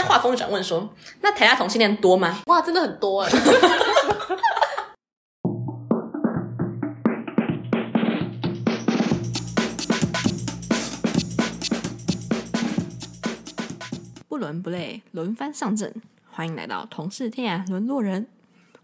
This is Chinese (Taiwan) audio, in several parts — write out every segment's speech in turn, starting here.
他話鋒一轉問說：“那台大同性戀多嗎？”“哇，真的很多哎、欸！” 不倫不類，輪番上陣，歡迎來到同是天涯淪落人。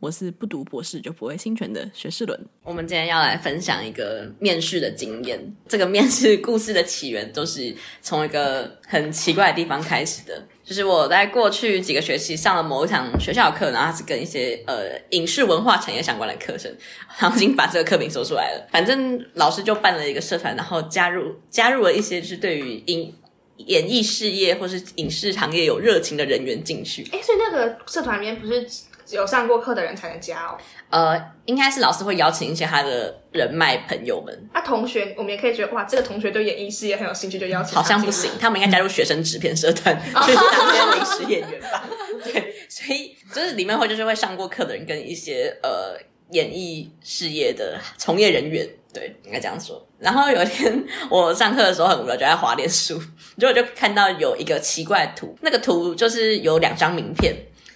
我是不讀博士就不會侵權的學士倫。我們今天要來分享一個面試的經驗。這個面試故事的起源，都是從一個很奇怪的地方開始的。就是我在過去幾個學期上了某一場學校課，然後是跟一些呃影視文化產業相關的課程。然後我已經把這個課名說出來了。反正老師就辦了一個社團，然後加入加入了一些就是對於影演藝事業或是影視行業有熱情的人員進去。哎，所以那個社團裡面不是？只有上過課的人才能加哦。呃，應該是老師會邀請一些他的人脈朋友們。啊，同學，我們也可以覺得哇，這個同學對演藝事業很有興趣，就邀請。好像不行，他們應該加入學生制片社團，嗯、去當臨時演員吧。 對，所以就是裡面會就是會上過課的人，跟一些呃演藝事業的從業人員，對，應該這樣說。然後有一天我上課的時候很無聊，就在滑臉書，結果就看到有一個奇怪圖，那個圖就是有兩張名片。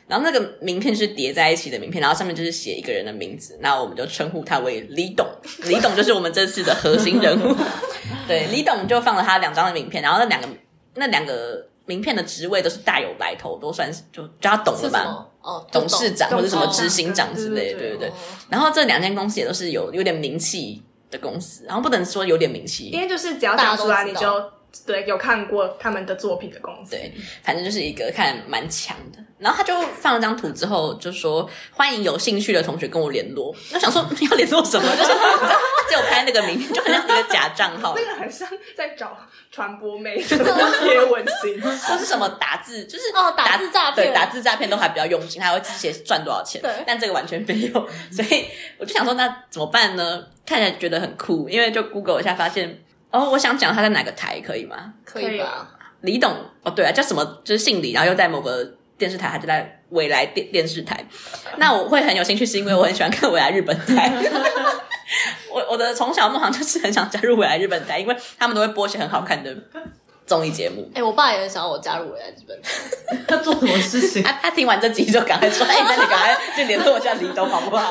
然後那個名片是疊在一起的名片，然後上面就是寫一個人的名字，那我們就稱呼他為李董，李董就是我們這次的核心人物。 對，李董就放了他兩張的名片，然後那兩個那兩個名片的職位都是大有來頭，都算是就叫他董了吧，哦，董、董事長、董事長或者什麼執行長之類，對對對。對對，然後這兩間公司也都是有有點名氣的公司，然後不能說有點名氣，因為就是只要打出來，你就。對，有看過他們的作品的公司。對，反正就是一個看蠻強的。然後他就放了張圖之後，就說歡迎有興趣的同學跟我聯絡。我想說、嗯、要聯絡什麼？ 就是你知道他只有拍那個名片，就很像是一個假賬號。那個好像在找傳播妹，寫文心，這是什麼打字？就是哦，打字詐騙，對，打字詐騙都還比較用心，還會自己寫賺多少錢。對，但這個完全沒有。所以我就想說，那怎麼辦呢？ 看起來覺得很酷，因為就 Google 一下發現。哦，我想講他在哪個台，可以嗎？可以吧。李董，哦，對啊，叫什麼？就是姓李，然後又在某個電視台，還是在未來電電視台？那我會很有興趣，是因為我很喜歡看未來日本台。 我我的從小夢想就是很想加入未來日本台，因為他們都會播些很好看的。綜藝節目，哎、欸，我爸也很想要我加入《我在日本 他做什麼事情？他、啊、他聽完這集就趕快說：“哎、 欸，那你趕快就聯絡一下李董，好 不好？”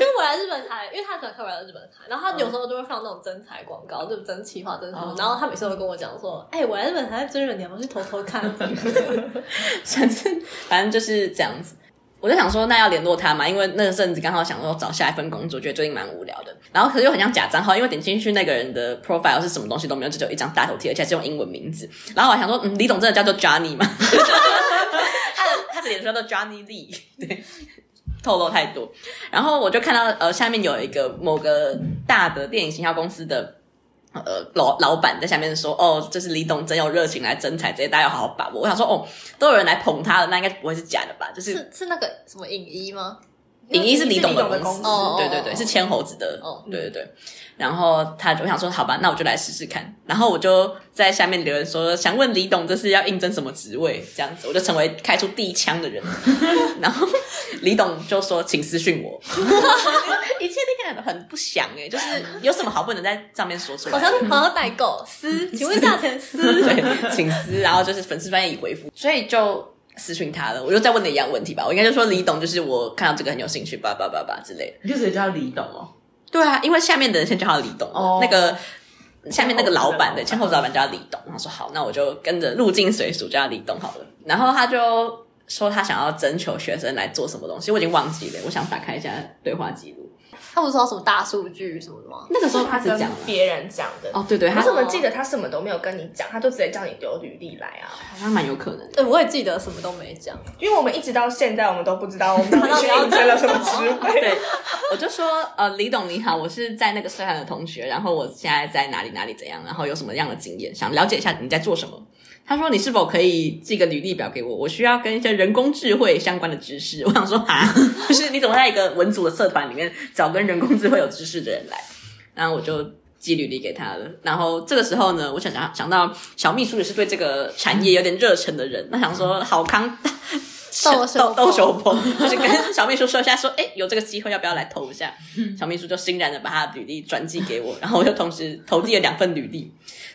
就《我來日本台》，因為他喜歡看《我來日本台》，然後他有時候就會放那種徵才廣告，就徵企劃徵什麼，嗯、然後他每次都會跟我講說：“哎，欸《我來日本台》真人，你要不要去偷偷看？”反正 反正就是這樣子。我就想說，那要聯絡他嘛？因為那陣子剛好想說找下一份工作，覺得最近蠻無聊的。然後可是又很像假賬號，因為點進去那個人的 profile 是什麼東西都沒有，就只有一張大頭貼，而且還是用英文名字。然後我還想說，嗯，李董真的叫做 Johnny 嗎？ 他的他的臉叫做 Johnny Lee。對，透露太多。然後我就看到呃，下面有一個某個大的電影行銷公司的。呃，老老闆在下面說，哦，就是李董真有熱情來徵才，這些大家要好好把握。我想說，哦，都有人來捧他了，那應該不會是假的吧？就是是是那個什麼影一嗎？影一是李董的公司，哦、對對對，哦、是千猴子的，嗯、對對對。然後他，我想說，好吧，那我就來試試看。然後我就在下面留言說，想問李董，這是要應徵什麼職位？這樣子，我就成為開出第一槍的人。 然後李董就說，請私訓我。 一切看起很不祥哎、欸，就是有什麼好不能在上面說出來的？ 好像是好像代購私，請問大神私 對，請私，然後就是粉絲翻譯已回復，所以就。私訊他了，我就再問你一樣問題吧。我應該就說李董，就是我看到這個很有興趣，叭叭叭叭之類的。你就直接叫李董哦。對啊，因為下面的人先叫他李董，oh, 那個下面那個老板的前後的老板叫李董，他說好，那我就跟着入境隨俗叫李董好了。然後他就說他想要徵求學生來做什麼東西，我已經忘記了。我想打開一下對話記錄。他不是說什麼大數據什麼的嗎？那個時候他講別人講的。哦，對對，他怎麼記得，他什麼都沒有跟你講，他就直接叫你丟履歷來啊？好像蠻有可能。對，我也記得什麼都沒講，因為我們一直到現在我們都不知道我們到底要填了什麼職位。 我就說，呃，李董你好，我是在那個社團的同學，然後我現在在哪裡哪裡怎樣，然後有什麼樣的經驗，想了解一下你在做什麼。他說：“你是否可以寄個履歷表給我？我需要跟一些人工智慧相關的知識。”我想說啊，就是你怎麼在一個文組的社團裡面找跟人工智慧有知識的人來？然後我就寄履歷給他了。然後這個時候呢，我想想想到小秘書也是對這個產業有點熱忱的人，他想說好康。嗯 豆豆抖手捧，就是、跟小秘書說一下，說，哎，有這個機會，要不要來投一下？小秘書就欣然的把他的履歷轉寄給我，然後我就同時投遞了兩份履歷。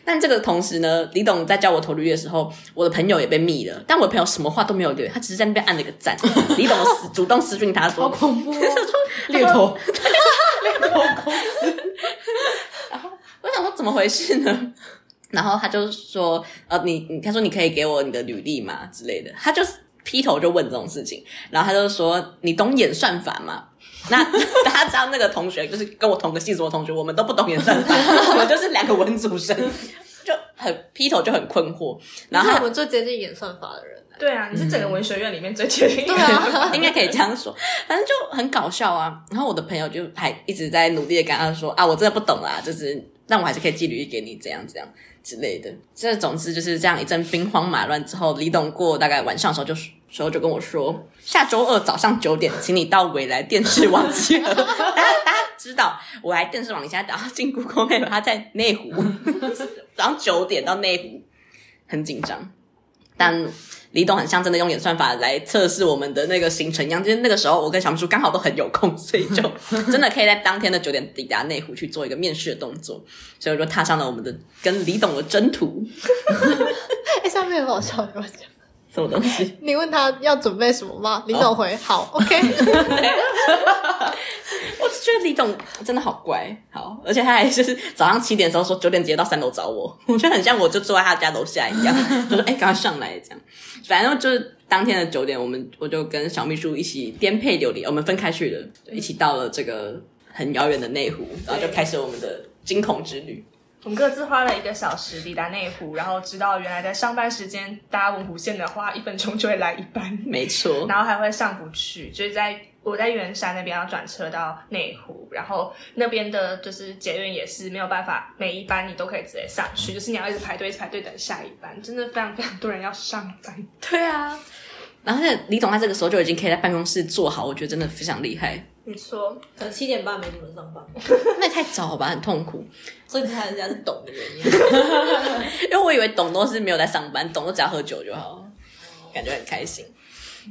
但這個同時呢，李董在叫我投履歷的時候，我的朋友也被密了。但我的朋友什麼話都沒有留，他只是在那邊按了一個讚。李董主動私訊他說：“好恐怖，獵頭， 對 獵頭公司。 ”然後我想說怎麼回事呢？然後他就說：“呃，你，他說你可以給我你的履歷嘛之類的。”他就是。劈頭就問這種事情，然後他就說：“你懂演算法嗎？” 那大家知道那個同學就是跟我同個系所的同學，我們都不懂演算法， 我們就是兩個文組生，就很劈頭就很困惑。然後他是我們最接近演算法的人，啊。對啊，你是整個文學院裡面最接近的，嗯啊、 應該可以這樣說。反正就很搞笑啊。然後我的朋友就還一直在努力的跟他說：“啊，我真的不懂啊，就是但我還是可以寄履歷給你，這樣這樣。”之類的，這總之就是這樣一陣兵荒馬亂之後，李董過大概晚上的時候就時候就跟我說，下周二早上九點，請你到未來電視網集合。 」大家大家知道未來電視網一下打進 Google，沒有。他在內湖， 早上九點到內湖，很緊張，但。李董很像真的用演算法來測試我們的那個行程一樣，就是那個時候我跟小秘書剛好都很有空，所以就真的可以在當天的九點抵達內湖去做一個面試的動作，所以我就踏上了我們的跟李董的征途。哎、 欸，上面很好笑，我講。什麼東西？你問他要準備什麼嗎？李總回：oh. 好，OK 對。 我只覺得李總真的好乖，好，而且他還就是早上七點的時候說九點直接到三樓找我，我覺得很像我就坐在他家樓下一樣。我說：哎、欸，剛上來這樣。反正就是當天的九點，我們我就跟小秘書一起顛沛流離，我們分開去的，一起到了這個很遙遠的內湖，然後就開始我們的驚恐之旅。我們各自花了一個小時抵達內湖，然後知道原來在上班時間搭文湖線的話，一分鐘就會來一班，沒錯。然後還會上不去，就是在我在圓山那邊要轉車到內湖，然後那邊的就是捷運也是沒有辦法，每一班你都可以直接上去，就是你要一直排隊一直排隊等下一班，真的非常非常多人要上班。對啊，然後現在李總他這個時候就已經可以在辦公室坐好，我覺得真的非常厲害。你說，可能七點半沒怎麼上班， 那也太早了吧，很痛苦。所以你看人家是董的原因， 因為我以為董都是沒有在上班，董都只要喝酒就好、嗯嗯、感覺很開心。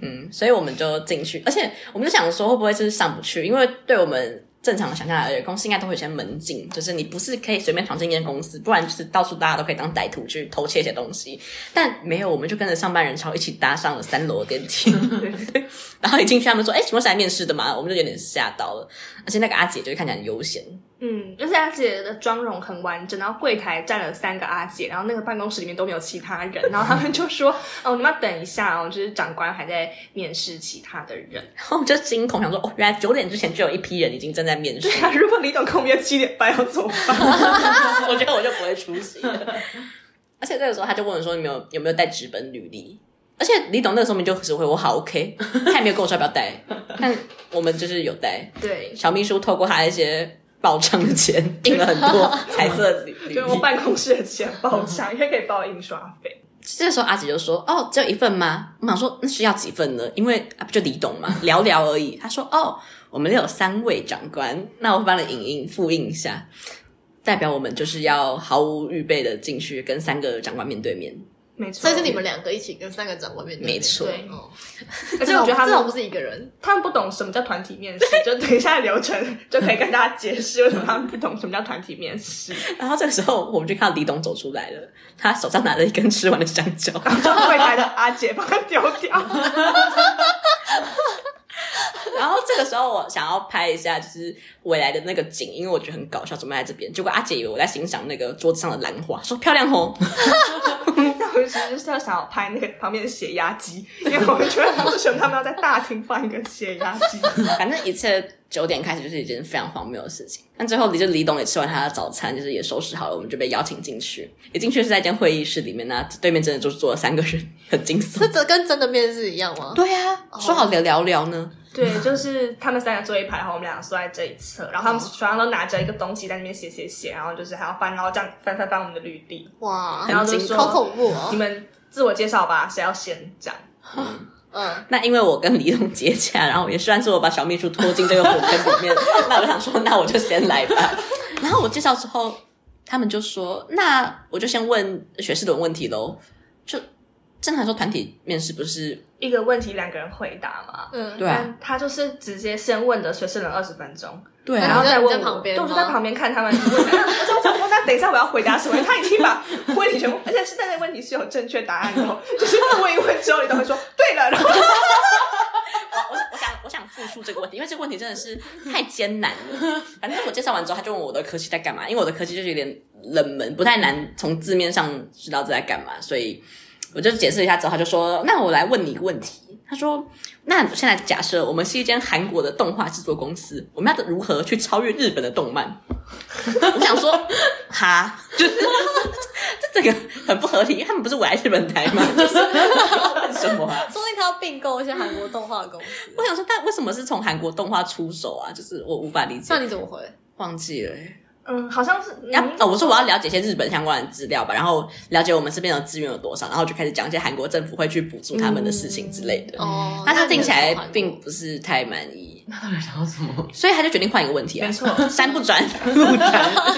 嗯，所以我們就進去，而且我們就想說會不會就是上不去，因為對我們。正常的想象而已，公司應該都會有些門禁，就是你不是可以隨便闖進一間公司，不然就是到處大家都可以當歹徒去偷竊一些東西。但沒有，我們就跟着上班人潮一起搭上了三樓的電梯、嗯， 然後一進去，他們說：“哎，什麼時候來面試的嘛？”我們就有點嚇到了，而且那個阿姐就看起來很悠閒。嗯，就是阿姐的妝容很完整，然後櫃檯站了三個阿姐，然後那個辦公室裡面都沒有其他人，然後他們就說：“ 哦，你們要等一下哦，就是長官還在面試其他的人。哦”然後我就驚恐想說：“哦，原來九點之前就有一批人已經正在面試。對啊”如果李董跟我們要七點半要走， 我覺得我就不會出席。 而且那個時候他就問我說：“你沒有有沒有帶紙本履歷？”而且李董那個時候我們就指揮我好 OK，他也沒有跟我說要不要帶， 但我們就是有帶。對，小秘書透過他一些。報帳的錢印了很多彩色紙，對， 辦公室的錢報帳應該可以報印刷費。這個時候阿姐就說：“哦，只有一份嗎？”我想說那是要幾份呢？因為不就李董嗎？聊聊而已。她說：“哦，我們有三位長官，那我幫你影印複印一下，代表我們就是要毫無預備的進去跟三個長官面對面。”錯，以是你們兩個一起跟三個長官面對面，沒錯錯。對而且我覺得至少他們至少不是一個人，他們不懂什麼叫團體面試，對就等一下的流程就可以跟大家解釋為什麼他們不懂什麼叫團體面試。 然後這個時候我們就看到李董走出來了，他手上拿着一根吃完的香蕉，然後拍的阿姐把它丟掉。 然後這個時候我想要拍一下就是未來的那個景，因為我覺得很搞笑，怎麼在這邊？結果阿姐以為我在欣賞那個桌子上的蘭花，說漂亮紅、喔。 其實他想要拍那個旁邊的血壓機，因為我們覺得為什麼他們要在大廳放一個血壓機？ 反正一切九點開始就是一件非常荒謬的事情。但最後李就李董也吃完他的早餐，就是也收拾好了，我們就被邀請進去。一進去是在一間會議室裡面呢，那對面真的就是坐了三個人，很驚悚。這跟真的面試一樣嗎？對呀、啊，oh. 說好的聊聊聊呢。對，就是他們三個坐一排，然後我們兩個坐在這一側，然後他們手上都拿着一個東西在那邊寫寫寫，然後就是還要翻，然後這樣翻翻翻我們的綠地，哇，然後就說很好恐怖、哦。你們自我介紹吧，誰要先講？嗯，嗯 那因為我跟李董接洽，然後也算是我把小秘書拖進這個火坑裡面， 那我想說，那我就先來吧。然後我介紹之後，他們就說，那我就先問學師的問題嘍。正常來說團體面試不是一個問題兩個人回答嘛？嗯，對啊，他就是直接先問的學生了二十分鐘，對啊，然後再問我，我就在旁邊看他們我在旁邊，那 等一下我要回答什麼？他已經把問題全部，而且是在那問題是有正確答案的，後就是問一問之後，你都會說 對了。然後 我我想我想複述這個問題，因為這個問題真的是太艱難了。反正我介紹完之後，他就問我的科系在幹嘛，因為我的科系就是有點冷門，不太難從字面上知道在幹嘛，所以。我就解釋一下之後，他就說：“那我來問你一個問題。”他說：“那你現在假設我們是一間韓國的動畫製作公司，我們要如何去超越日本的動漫？” 我想說：“哈， 就是這這整個很不合理。因為他們不是緯來日本台嗎？ 就是 為什麼、啊？說那他要併購一些韓國動畫公司？ 我想說，但為什麼是從韓國動畫出手啊？就是我無法理解。那你怎麼回？忘記了、欸。”嗯，好像是、嗯要。哦，我說我要了解一些日本相關的資料吧，然後了解我們這邊的資源有多少，然後就開始講一些韓國政府會去補助他們的事情之類的。嗯、哦，那他聽起來並不是太滿意。他要什麼？所以他就決定換一個問題啊。沒錯，山不轉，路 轉，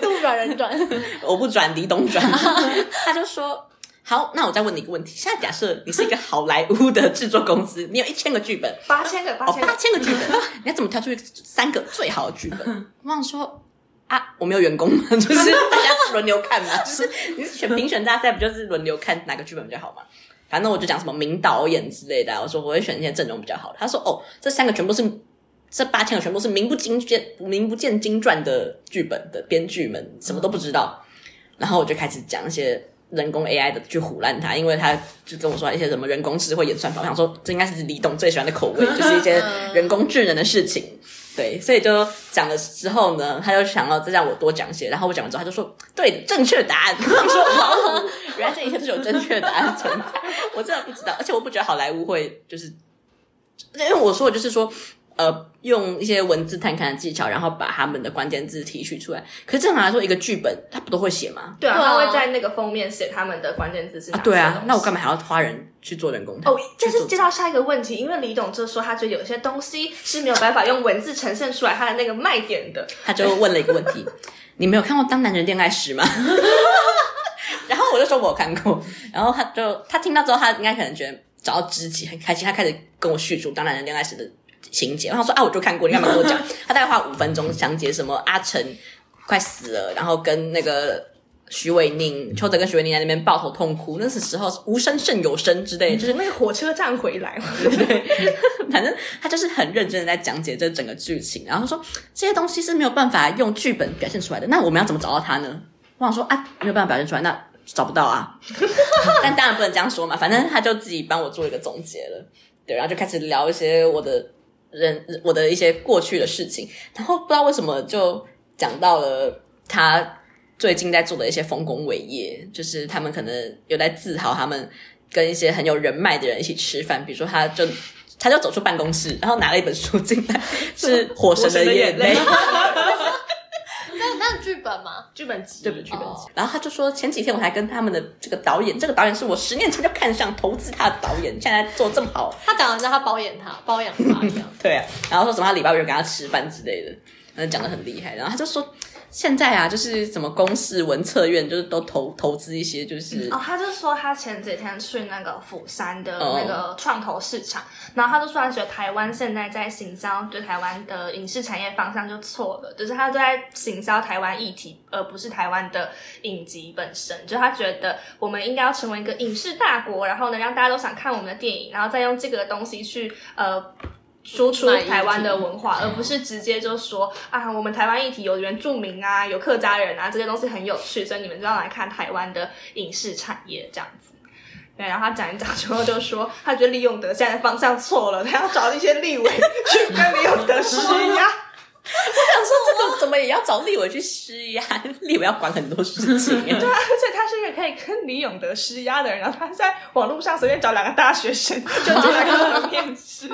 路轉人轉，我不轉，李董轉。 他就說：“好，那我再問你一個問題。現在假設你是一個好萊塢的制作公司，你有一千個劇本，八千個，八千個、哦，八千個劇本，你要怎麼挑出三個最好的劇本？”我想說。啊，我沒有員工嘛，就是大家是輪流看嘛，就 是你選評選大賽不就是輪流看哪個劇本比較好嘛？反正我就講什麼名導演之類的、啊，我說我會選一些陣容比較好的。他說，哦，這三個全部是這八千個全部是名不經見、名不見經傳的劇本的編劇們，什麼都不知道。然後我就開始講一些人工 AI 的去唬爛他，因為他就跟我說一些什麼人工智慧演算法。我想說，這應該是李董最喜歡的口味， 就是一些人工智能的事情。對，所以就講了之後呢，他就想要再讓我多講些，然後我講完之後，他就說：“對，正確答案。 ”他、哦、說：“原來這一切是有正確答案存在，我真的不知道，而且我不覺得好萊塢會就是，因為我說的就是說，呃。”用一些文字探勘的技巧，然後把他們的關鍵字提取出來。可是正常來說，一個劇本他不都會寫嗎？對啊，他會在那個封面寫他們的關鍵字是哪、啊。對啊，西那我幹嘛還要花人去做人工探？哦，就是介紹下一個問題，因為李董就說他覺得有些東西是沒有辦法用文字呈現出來他的那個賣點的。他就問了一個問題： 你沒有看過《當男人戀愛時》嗎？ 然後我就說我看過。然後他就他聽到之後，他應該可能覺得找到知己很開心，他開始跟我敘述《當男人戀愛時》的情節，然後說啊，我就看過，你幹嘛跟我講？ 他大概花五分鐘講解什麼阿成快死了，然後跟那個許瑋甯、邱澤跟許瑋甯在那邊抱頭痛哭，那時、時候是無聲勝有聲之類，就是、嗯、那個火車站回來對不對？ 反正他就是很認真的在講解這整個劇情，然後他說這些東西是沒有辦法用劇本表現出來的，那我們要怎麼找到他呢？我想說啊，沒有辦法表現出來，那找不到啊。 但當然不能這樣說嘛，反正他就自己幫我做一個總結了，對，然後就開始聊一些我的。人我的一些過去的事情，然後不知道為什麼就講到了他最近在做的一些豐功偉業，就是他們可能有在自豪，他們跟一些很有人脈的人一起吃飯，比如說他就他就走出辦公室，然後拿了一本書進來，是《火神的眼淚》 那那是劇本嗎？劇本集，劇本劇本集。Oh. 然後他就說，前幾天我還跟他們的這個導演，這個導演是我十年前就看上、投資他的導演，現在做得這麼好。 他講的是他包養他，包養他這樣。 對啊，然後說什麼他禮拜五有跟他吃飯之類的，然後講的很厲害。然後他就說。現在啊，就是什麼公司、文策院，就是都投投資一些，就是、嗯、哦，他就說他前幾天去那個釜山的那個創投市場，哦、然後他就說，他覺得台灣現在在行銷對台灣的影視產業方向就錯了，就是他都在行銷台灣議題，而不是台灣的影集本身，就他覺得我們應該要成為一個影視大國，然後呢，讓大家都想看我們的電影，然後再用這個東西去呃。輸出台灣的文化，而不是直接就說啊，我們台灣議題有原住民啊，有客家人啊，這些東西很有趣，所以你們就要來看台灣的影視產業這樣子。對，然後他講一講之後就說， 他覺得李永得現在的方向錯了，他要找一些立委去跟李永得施壓呀。 我想說，這個怎麼也要找立委去施壓？哦哦，立委要管很多事情、啊嗯。對啊，所以他是一個可以跟李永德施壓的人。然後他在網絡上隨便找兩個大學生，就來跟他面試。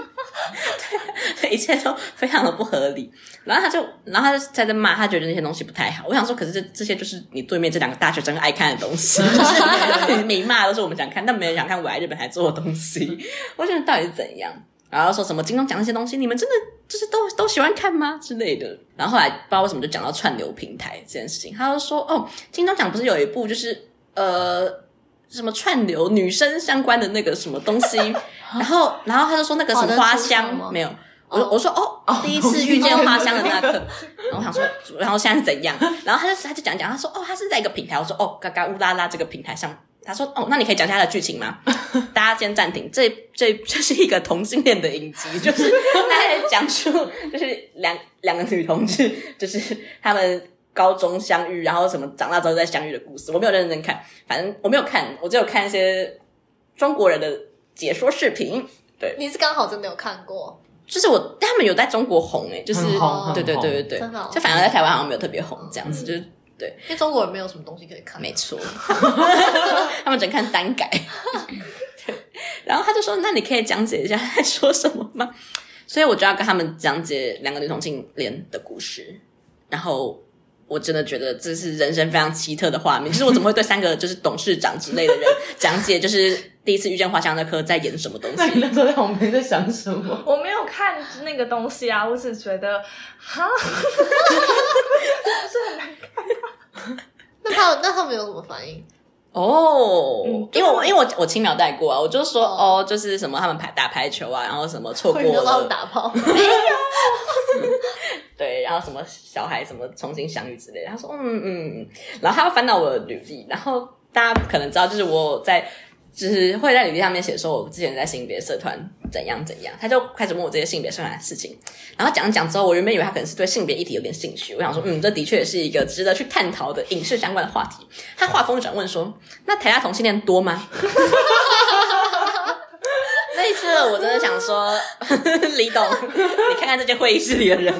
對，這一切都非常的不合理。然後他就，然後他就在那罵，他覺得那些東西不太好。我想說，可是這這些就是你對面這兩個大學生愛看的東西，你罵都是我們想看，但沒人想看。我來日本還做的東西，我想到底是怎樣？然後說什麼京東講那些東西，你們真的？就是都都喜歡看嗎之類的，然後後來不知道為什麼就講到串流平台這件事情，他就說哦，金鐘獎不是有一部就是呃什麼串流女生相關的那個什麼東西， 然後然後他就說那個什麼花香、哦、沒有，我、哦、我說，我說哦第一次遇見花香的那刻。哦、然後我想說 然後現在是怎樣，然後他就他就講講他說哦他是在一個平台，我說哦嘎嘎烏拉拉這個平台上。他說：“哦，那你可以講一下他的劇情嗎？ 大家先暫停。這、這、這是一個同性戀的影集， 就是他在講述，就是兩兩個女同志，就是他們高中相遇，然後什麼長大之後再相遇的故事。我沒有認真看，反正我沒有看，我只有看一些中國人的解說視頻。對，你是剛好真沒有看過，就是我他們有在中國紅誒、欸，就是好對、對對對對對，好就反而在台灣好像沒有特別紅這樣子，嗯、就是。”對，因為中國人沒有什麼東西可以看，沒錯，他們， 他們只能看單改。 對，然後他就說：“那你可以講解一下他在說什麼嗎？”所以我就要跟他們講解兩個女同性戀的故事。然後我真的覺得這是人生非常奇特的畫面。 就是我怎麼會對三個就是董事長之類的人講解，就是。第一次遇見花香那刻，在演什麼東西？那那時候我沒在想什麼， 我沒有看那個東西啊，我只覺得哈 我是很難看，啊 那。那他那他們有什麼反應？哦、嗯因我，因為因為我我輕描帶過啊，我就說哦，哦，就是什麼他們排打排球啊，然後什麼錯過了打炮，對，然後什麼小孩什麼重新相遇之類的，他說嗯嗯，然後他翻到我的履歷，然後大家可能知道，就是我在。就是會在履歷上面寫說，我之前在性別社團怎樣怎樣，他就開始問我這些性別社團的事情，然後講講之後，我原本以為他可能是對性別議題有點興趣，我想說，嗯，這的確是一個值得去探討的影視相關的話題。他話鋒一轉問說，那台大同性戀多嗎？ 那一次我真的想說， 李董，你看看這間會議室裡的人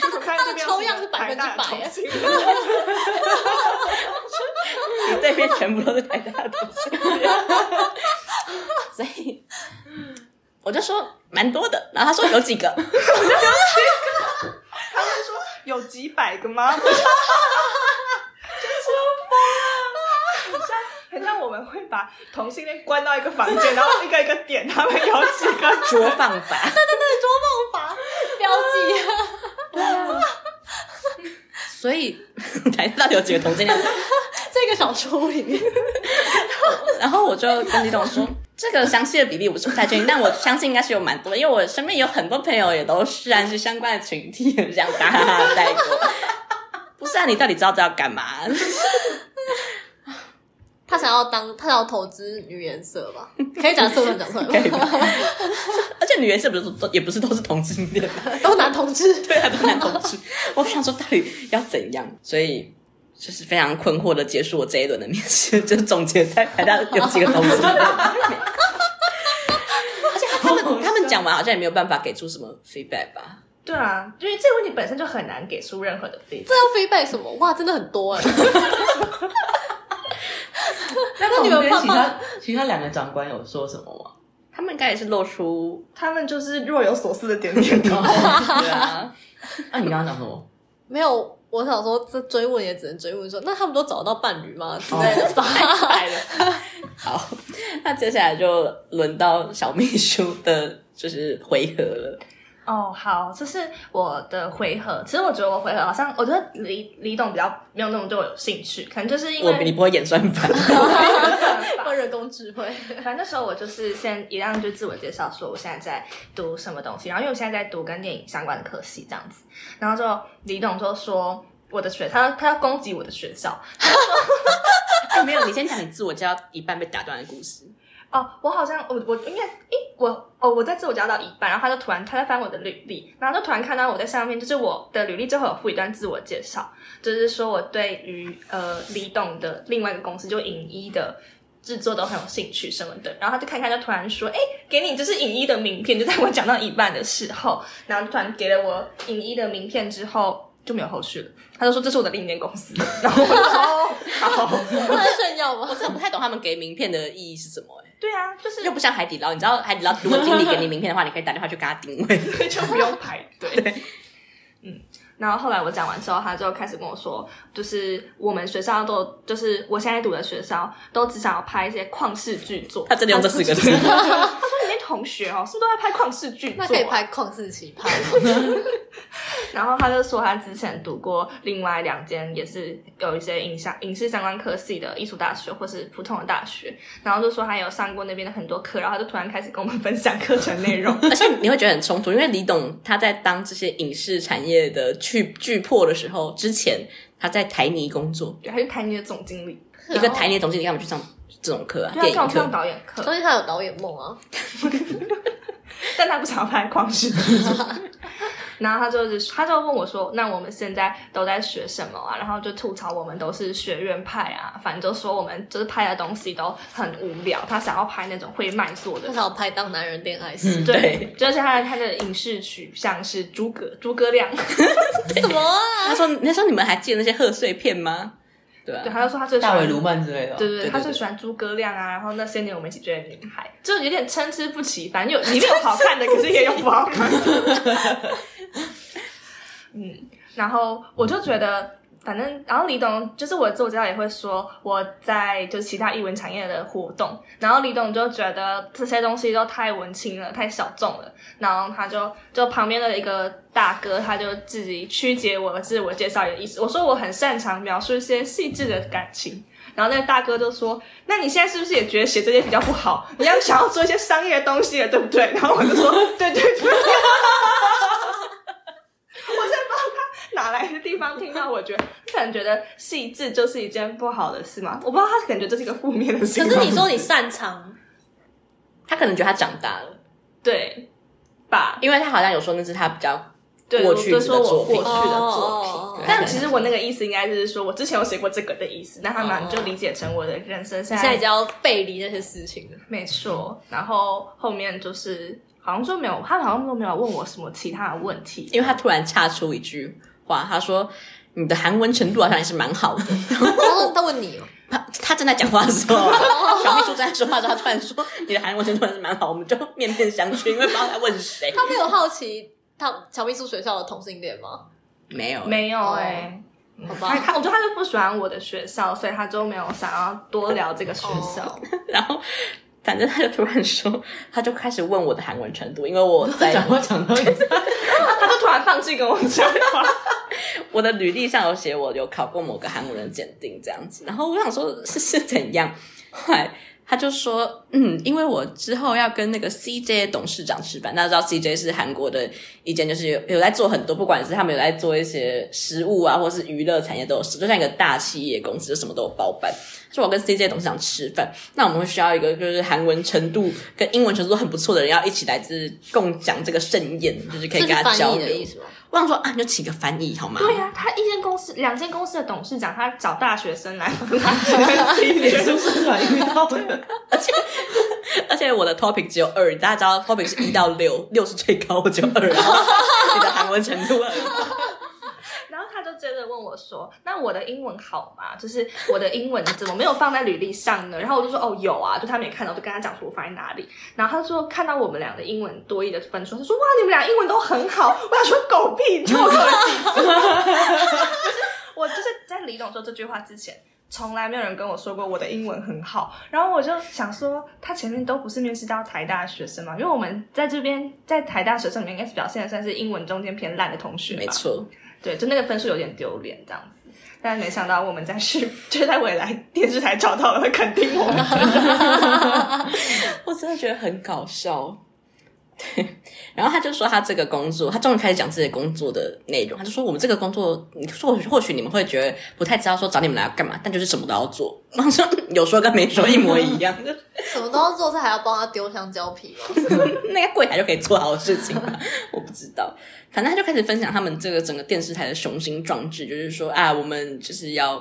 他，他的抽樣是百分之百。 你這邊全部都是台大的同學 所以我就說蠻多的，然後他說有幾個， 我就有幾個，他們說有幾百個嗎？真是要瘋了！好像很像我們會把同性戀關到一個房間，然後一個一個點，他們有幾個捉 放法？ 對對對，捉放法標記。對啊，哇 所以台大有幾個同性戀。 這個小說裡面， 然後我就跟李董說， 這個詳細的比例我是不太確定， 但我相信應該是有蠻多，因為我身邊有很多朋友也都是，是相關的群體也這樣過，想當哈代哥，不是啊？你到底知道這要幹嘛？ 他想要當他想要投資女顏色吧？可以講錯嗎？講錯嗎？可以嗎？而且女顏色不是都也不是都是同性戀， 都男同志，對啊，都男同志。 我想說，到底要怎樣？所以。就是非常困惑的結束我這一輪的面試，就總結在臺大有幾個同性戀。 而且他們好好他們講完好像也沒有辦法給出什麼 feedback 吧？對啊，因為這個問題本身就很難給出任何的 feedback。這要 feedback 什麼？哇，真的很多哎、欸。 那你們跟其他其他兩個長官有說什麼嗎？他們應該也是露出，他們就是若有所思的點點頭。 對啊。那、啊、你剛剛講什麼？ 沒有。我想說，這追問也只能追問說，那他們都找得到伴侶嗎之類的，啥的。好，那接下來就輪到小秘書的，就是回合了。哦，oh, 好，這、就是我的回合。其實我覺得我回合好像，我覺得李李董比較沒有那麼對我有興趣，可能就是因為我比你不會演算法，會 人工智慧。 反正那時候我就是先一樣，就自我介紹說我現在在讀什麼東西，然後因為我現在在讀跟電影相關的科系這樣子，然後就李董就說我的學，他他要攻擊我的學校，他就說 欸、沒有，你先講你自我介紹一半被打斷的故事。哦，我好像我我應該，誒我哦，我在自我介紹到一半，然後他就突然他在翻我的履歷，然後就突然看到我在上面，就是我的履歷最後有附一段自我介紹，就是說我對於呃李董的另外一個公司就影一的製作都很有興趣什麼的，然後他就看看就突然說，誒，給你就是影一的名片，就在我講到一半的時候，然後突然給了我影一的名片之後。就沒有後續了。他就說，這是我的另一間公司， 然後我就說，好，不能炫耀嗎？我是不太懂他們給名片的意義是什麼哎、欸。對啊，就是又不像海底撈，你知道海底撈如果經理給你名片的話， 你可以打電話去跟他訂位， 就不用排隊。嗯，然後後來我講完之後，他就開始跟我說，就是我們學校都，就是我現在讀的學校都只想要拍一些曠世巨作。他真的用這四個字。 欸、同學哦、喔，是不是都在拍曠世巨作？那可以拍曠世奇拍 然後他就說他之前讀過另外兩間也是有一些影像影視相關科系的藝術大學或是普通的大學，然後就說他有上過那邊的很多課，然後他就突然開始跟我們分享課程內容。 而且你會覺得很衝突，因為李董他在當這些影視產業的巨巨破的時候，之前他在台泥工作，對，他是台泥的總經理。一個台內總經理，要不後去上這種課啊？對啊，課上導演課。所以他有導演夢啊。 但他不想要拍礦石。 然後他就是，他就問我說：“那我們現在都在學什麼啊？”然後就吐槽我們都是學院派啊，反正就說我們就是拍的東西都很無聊。他想要拍那種會賣座的，他想要拍《當男人戀愛時》，嗯。對，對，就是他的他的影視取向是諸葛諸葛亮。 什麼啊？ 他說：“那時候你們還記得那些賀歲片嗎？”對，啊、對，他就說他最喜歡大偉盧曼之類的。對，對對，對對對，他最喜歡諸葛亮啊，然後那些年我們一起追的女孩，就有點參差不齊。反正有裡面有好看的，可是也有不好看的。 嗯，然後我就覺得。嗯反正，然後李董就是我的自我介紹也會說我在就是其他藝文產業的活動，然後李董就覺得這些東西都太文青了，太小眾了，然後他就就旁邊的一個大哥，他就自己曲解我的自我介紹的意思，我說我很擅長描述一些細緻的感情，然後那個大哥就說，那你現在是不是也覺得寫這些比較不好？你要想要做一些商業的東西了，對不對？然後我就說， 對對對，對。 哪來的地方聽到？我覺得，他可能覺得細緻就是一件不好的事嗎？我不知道他感覺這是一個負面的事。可是你說你擅長，他可能覺得他長大了，對吧？因為他好像有說那是他比較過去的作品。但其實我那個意思應該就是說我之前有寫過這個的意思，但、嗯、他們、嗯、就理解成我的人生現在比較背離那些事情了。沒錯，然後後面就是好像說沒有，他好像都沒有問我什麼其他的問題，因為他突然插出一句。他說：“你的韓文程度好像也是蠻好的。”他說：“他問你、哦，他他正在講話的時候， 小秘書正在說話的時候，他突然說你的韓文程度還是蠻好。”我們就面面相覷，因為不知道在問誰。 他沒有好奇他小秘書學校的同性戀嗎？沒有，沒有哎。對哦、好吧，他，他我覺得他就不喜歡我的學校，所以他就沒有想要多聊這個學校。哦、然後，反正他就突然說，他就開始問我的韓文程度，因為我在，我在講話講到一半， 他就突然放棄跟我講話。 我的履歷上有寫我有考過某個韓文檢定這樣子，然後我想說是是怎樣，後來他就說，嗯，因為我之後要跟那個 CJ 董事長吃飯，大家知道 CJ 是韓國的。一間就是有有在做很多，不管是他們有在做一些食物啊，或是娛樂產業都有，就像一個大企業公司，什麼都有包辦。就我跟 CJ 董事長吃飯，那我們會需要一個就是韓文程度跟英文程度很不錯的人，要一起來自共講這個盛宴，就是可以跟他交流。翻譯的意思嗎？我想說啊，你就請個翻譯好嗎？對呀、啊，他一間公司兩間公司的董事長，他找大學生來他 而且而且我的 topic 只有二，大家知道 topic 是一到六，六是最高，就二 你的韓文程度 然後他就接着問我說：“那我的英文好嗎？就是我的英文怎麼沒有放在履歷上呢？”然後我就說：“哦，有啊，就他沒看到，我就跟他講說我放在哪裡。”然後他說：“看到我們倆的英文多益的分數，他說哇，你們倆英文都很好。”我想說狗屁，你就 是我就是在李總說這句話之前。從來沒有人跟我說過我的英文很好，然後我就想說，他前面都不是面試到台大學生嘛，因為我們在這邊在台大學生裡面應該是表現的算是英文中間偏爛的同學，沒錯錯，對，就那個分數有點丟臉這樣子，但沒想到我們在是就在未來電視台找到了會肯定我們， 我真的覺得很搞笑。然後他就說他這個工作，他終於開始講自己工作的內容。他就說我們這個工作，或許或許你們會覺得不太知道，說找你們來要幹嘛，但就是什麼都要做。然後說有說跟沒說一模一樣， 什麼都要做，他還要幫他丟香蕉皮嗎？ 那個櫃台就可以做好事情，我不知道。反正他就開始分享他們這個整個電視台的雄心壯志，就是說啊，我們就是要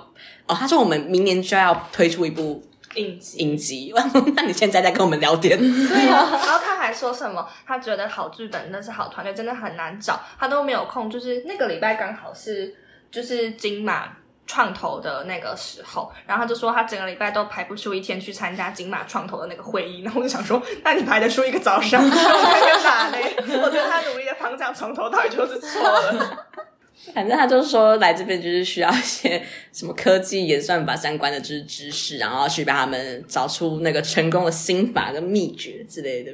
哦，他說我們明年就要推出一部。影集影集 那你現在在跟我們聊天？對呀、啊。然後他還說什麼？他覺得好劇本，那是好團隊，真的很難找。他都沒有空，就是那個禮拜剛好是就是金馬創投的那個時候，然後他就說他整個禮拜都排不出一天去參加金馬創投的那個會議。然後我就想說，那你排得出一個早上？ 我就那個啥 我覺得他努力的方向從頭到尾就是錯了。 反正他就說來這邊就是需要一些什麼科技、演算法相關的知知識，然後去幫他們找出那個成功的心法跟秘訣之類的。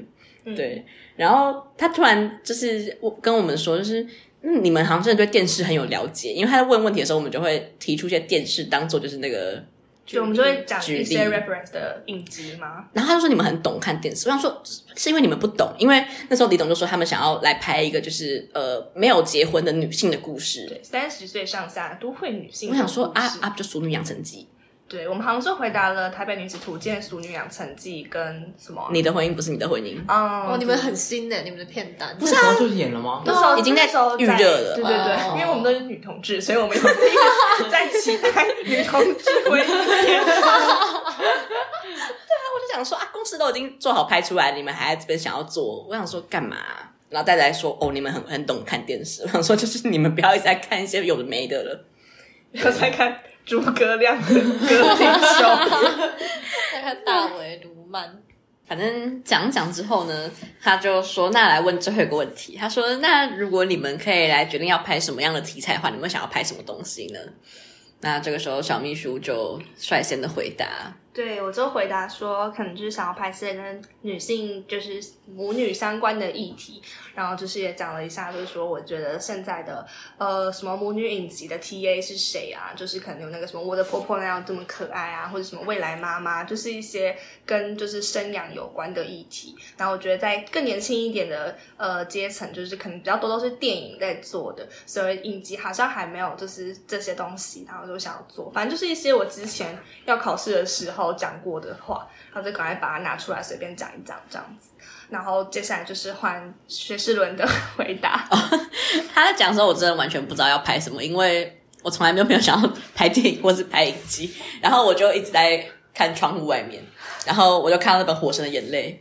對，嗯、然後他突然就是跟我們說，就是嗯，你們好像真的對電視很有了解，因為他在問問題的時候，我們就會提出一些電視，當做就是那個。就我們就會講一些 reference 的影集嘛，然後他就說你們很懂看電視，我想說是因為你們不懂，因為那時候李董就說他們想要來拍一個就是呃沒有結婚的女性的故事，對，三十歲上下都會女性的。我想說啊啊就俗女養成記。對，我們杭州回答了《台北女子圖鑑》《熟女養成記》跟什麼、啊？你的婚姻不是你的婚姻、um, 哦，你們很新呢，你們的片單不是啊？那就演了嗎？已經在說預熱了。對對對，對對對哦、因為我們都是女同志，所以我們一直 在期待女同志婚 對啊，我就想說啊，公司都已經做好拍出來，你們還在這邊想要做？我想說幹嘛、啊？然後戴戴說哦，你們很很懂看電視，我想說就是你們不要一直在看一些有的沒的了，不要再看。諸葛亮的歌，看看大為讀曼。 反正講講之後呢，他就說：“那來問最後一個問題。”他說：“那如果你們可以來決定要拍什麼樣的題材的話，你們想要拍什麼東西呢？”那這個時候，小秘書就率先的回答。對我就回答說，可能就是想要拍攝跟女性就是母女相關的議題，然後就是也講了一下，就是說我覺得現在的呃什麼母女影集的 TA 是誰啊？就是可能有那個什麼我的婆婆那樣這麼可愛啊，或者什麼未來媽媽，就是一些跟就是生養有關的議題。然後我覺得在更年輕一點的呃階層，就是可能比較多都是電影在做的，所以影集好像還沒有就是這些東西。然後就想要做，反正就是一些我之前要考試的時候。講過的話，他就趕快把它拿出來隨便講一講這樣子。然後接下來就是換學士倫的回答。哦、他在講的時候，我真的完全不知道要拍什麼，因為我從來沒有沒有想要拍電影或是拍影集，然後我就一直在看窗戶外面，然後我就看到那本《火神的眼淚》，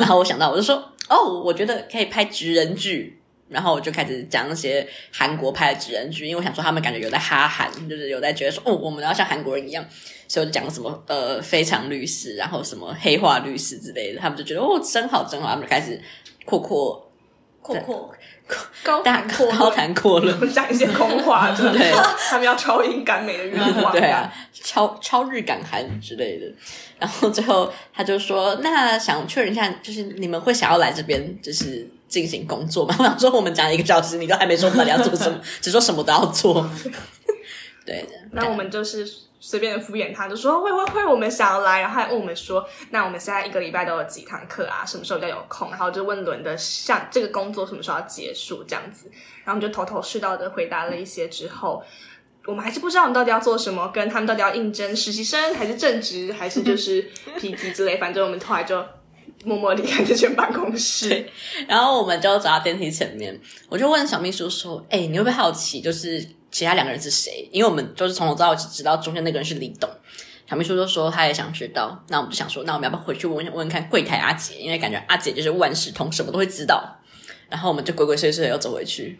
然後我想到，我就說，哦，我覺得可以拍職人劇。然後我就開始講那些韓國拍的職人劇，因為我想說他們感覺有在哈韓，就是有在覺得說，哦，我們都要像韓國人一樣，所以我就講了什麼呃非常律師，然後什麼黑化律師之類的，他們就覺得哦真好真好，他們就開始擴擴擴擴高談高談闊論，講一些空話，對不 對？他們要超英趕美的願望， 對啊，超超日趕韓之類的。 然後最後他就說，那想確認一下，就是你們會想要來這邊，就是。進行工作嘛？我說我們講了一個小時，你都還沒說到底要做什麼， 只說什麼都要做。對的。那我們就是隨便的敷衍他，就說會會會，我們想要來。然後還問我們說，那我們現在一個禮拜都有幾堂課啊？什麼時候比較有空？然後就問輪的像這個工作什麼時候要結束這樣子。然後我們就頭頭是道的回答了一些之後，我們還是不知道我們到底要做什麼，跟他們到底要應徵實習生還是正職，還是就是 P T 之類。 反正我們後來就。默默離開這間辦公室，然後我們就走到電梯前面，我就問小秘書說：“哎、欸，你會不會好奇，就是其他兩個人是誰？因為我們就是從頭到尾只知道中間那個人是李董。”小秘書就說他也想知道，那我們就想說，那我們要不要回去問問，問看櫃台阿姐？因為感覺阿姐就是萬事通，什麼都會知道。然後我們就鬼鬼祟祟的又走回去，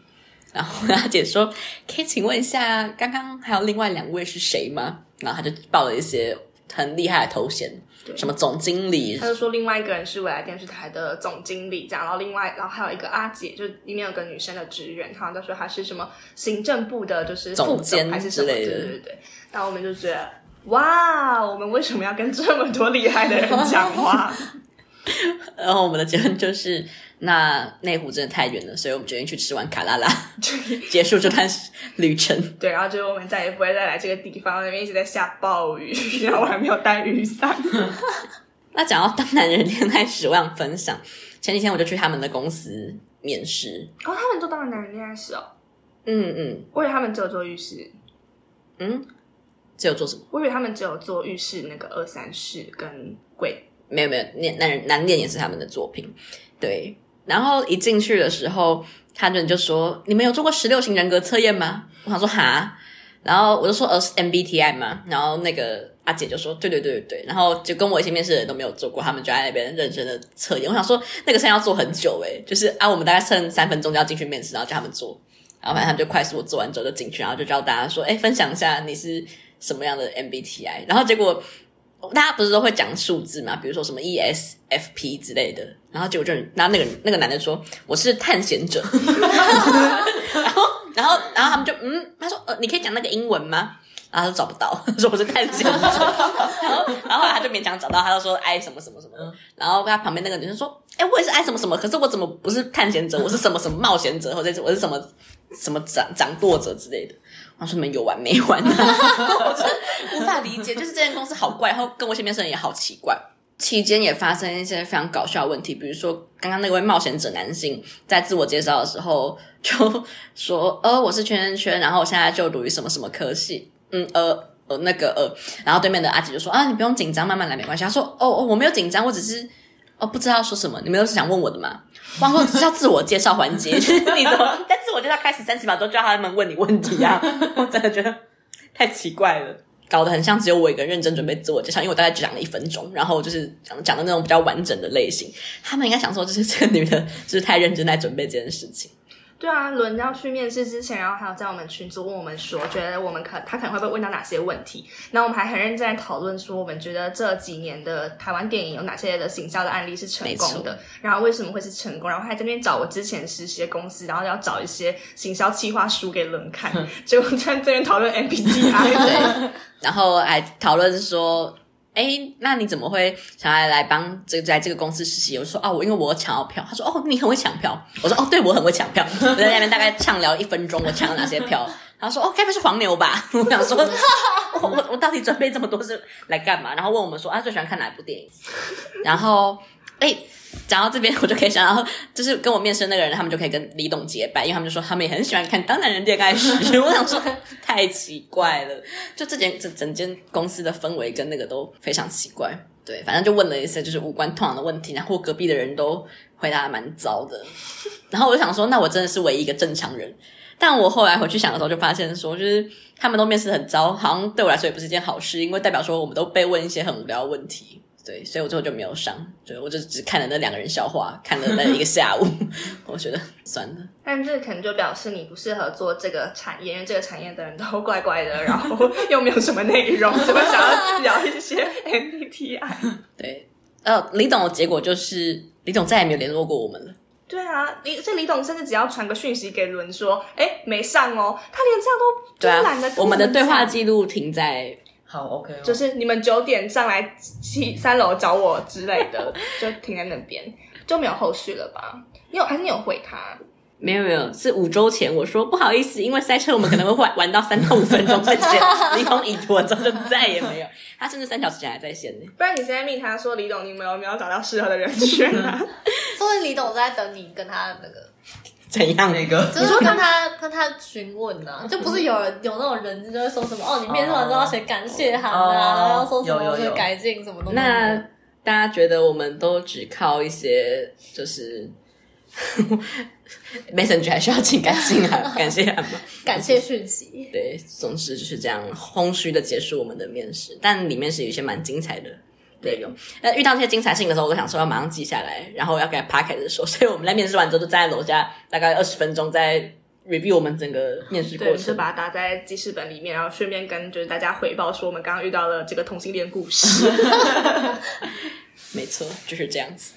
然後我問阿姐說：“可以請問一下，剛剛還有另外兩位是誰嗎？”然後他就報了一些。很厲害的頭銜，對什麼總經理？他就說另外一個人是未來電視台的總經理，這樣，然後另外，然後還有一個阿姐，就裡面有個女生的職員，他都說他是什麼行政部的，就是副總還是什麼之類的。對對對，那我們就覺得，哇，我們為什麼要跟這麼多厲害的人講話？ 然後我們的結論就是，那內湖真的太遠了，所以我們決定去吃完卡拉拉，就結束這段旅程。 對，然後就是我們再也不會再來這個地方，那邊一直在下暴雨，然後我還沒有帶雨傘。 那講到當男人戀愛時，我想分享前幾天我就去他們的公司面試。哦，他們做當男人戀愛時哦？嗯嗯。嗯，我以為他們只有做浴室。嗯，只有做什麼？我以為他們只有做浴室那個二三室跟櫃。沒有沒有，那男男戀也是他們的作品，對。然後一進去的時候，他們就，就說：“你們有做過十六型人格測驗嗎？”我想說哈，然後我就說、M：“ 呃，是 MBTI 嘛，嗎”然後那個阿姐就說：“對對對對對。”然後就跟我一起面試的人都沒有做過，他們就在那邊認真的測驗。我想說那個是要做很久誒、欸、就是啊，我們大概剩三分鐘就要進去面試，然後叫他們做，然後反正他們就快速做完之後就進去，然後就叫大家說：“誒，分享一下你是什麼樣的 MBTI。B T I ”然後結果。大家不是都會講數字嘛？比如說什麼 ESFP 之類的，然後結果就，然後那那個那個男的說我是探險者， 然後然後然後他們就嗯，他說呃，你可以講那個英文嗎？然後他就找不到，說我是探險者，然後然後後來他就勉強找到，他就說愛什麼什麼什麼，然後他旁邊那個女生說哎，我也是愛什麼什麼，可是我怎麼不是探險者？我是什麼什麼冒險者或者我是什麼什麼掌掌舵者之類的。說你們有完沒完，啊？ 我真無法理解，就是這間公司好怪，然後跟我前面的人也好奇怪。期間也發生一些非常搞笑的問題，比如說剛剛那位冒險者男性在自我介紹的時候就說：“呃，我是圈圈，然後我現在就讀於什麼什麼科系。”嗯，呃，呃，那個，呃，然後對面的阿姐就說：“啊、呃，你不用緊張，慢慢來，沒關係。”他說：“哦，哦，我沒有緊張，我只是哦不知道說什麼，你們都是想問我的嗎？”只這叫自我介紹環節？ 你怎麼在自 我介紹開始三十秒之後，他們問你問題啊？ 我真的覺得太奇怪了，搞得很像只有我一個人認真準備自我介紹，因為我大概只講了一分鐘，然後就是講講的那種比較完整的類型。他們應該想說，就是這個女的就是太認真在準備這件事情。對啊，倫要去面試之前，然後還有在我們群組問我們說，覺得我們可他可能會被問到哪些問題？那我們還很認真討論說，我們覺得這幾年的台灣電影有哪些的行銷的案例是成功的，錯然後為什麼會是成功？然後還在那邊找我之前實習的公司，然後要找一些行銷企劃書給倫看。呵結果在這邊討論 MBTI 然後還討論說。哎，那你怎麼會想要來來幫這在這個公司實習？我就說啊，我、哦、因為我搶到票。他說哦，你很會搶票。我說哦，對我很會搶票。我在那邊大概暢聊一分鐘，我搶了哪些票。他說哦，該不會是黃牛吧？我想說，我說、哦、我我到底準備這麼多是來幹嘛？然後問我們說啊，最喜歡看哪部電影？然後哎。誒講到這邊，我就可以想到，就是跟我面試的那個人，他們就可以跟李董結拜，因為他們就說他們也很喜歡看《當男人戀愛時》， 我想說，太奇怪了，就這間整整間公司的氛圍跟那個都非常奇怪。對，反正就問了一些就是無關痛癢的問題，然後隔壁的人都回答蠻糟的。然後我就想說，那我真的是唯一一個正常人。但我後來回去想的時候，就發現說，就是他們都面試很糟，好像對我來說也不是一件好事，因為代表說我們都被問一些很無聊的問題。對，所以我最後就沒有上。對，我就只看了那兩個人笑話，看了那一個下午，嗯、 我覺得算了。但這可能就表示你不適合做這個產業，因為這個產業的人都怪怪的，然後又沒有什麼內容，怎麼 想要聊一些 MBTI？對，呃，李董的結果就是李董再也沒有聯絡過我們了。對啊，李這李董甚至只要傳個訊息給倫說，哎，沒上哦？他連這樣都不，、啊、懶得。我們的對話記錄停在，好，OK，哦，就是你們九點上來三樓找我之類的， 就停在那邊，就沒有後續了吧？你有還是你有回他？沒有沒有，是五周前我說不好意思，因為塞車，我們可能會玩， 玩到三到五分鐘之前。 李董已讀之後，就再也沒有。他甚至三小時前還在線呢。不然你現在密他說李董，你們有，有，有沒有找到適合的人選啊？ 所以李董在等你跟他的那個？怎樣的一個？就是跟他，跟他詢問啊，就不是有人有那種人就會說什麼哦，你面試完之後要寫感謝函啊，然後要說什麼有改進什麼東西。那大家覺得我們都只靠一些就是 Messenger 還需要請改進啊，感謝函、感謝訊息，對，總是就是這樣空虛的結束我們的面試，但裡面是有一些蠻精彩的。對，有。那遇到這些精彩事情的時候，我都想說要馬上記下來，然後要給 p a r k e 的時候。所以我們在面試完之後，就站在樓下大概二十分鐘，再 review 我們整個面試過程，我是把它打在記事本裡面，然後順便跟就是大家回報說我們剛剛遇到了這個同性戀故事。 沒錯，就是這樣子。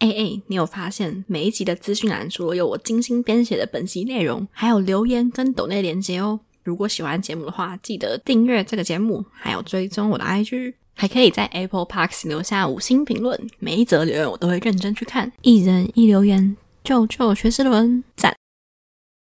A A、哎哎，你有發現每一集的資訊欄除了有我精心編寫的本集內容，還有留言跟抖內連結哦。如果喜歡節目的話，記得訂閱這個節目，還有追蹤我的 IG，還可以在 Apple Podcast 留下五星評論。每一則留言我都會認真去看，一人一留言，救救學之倫讚。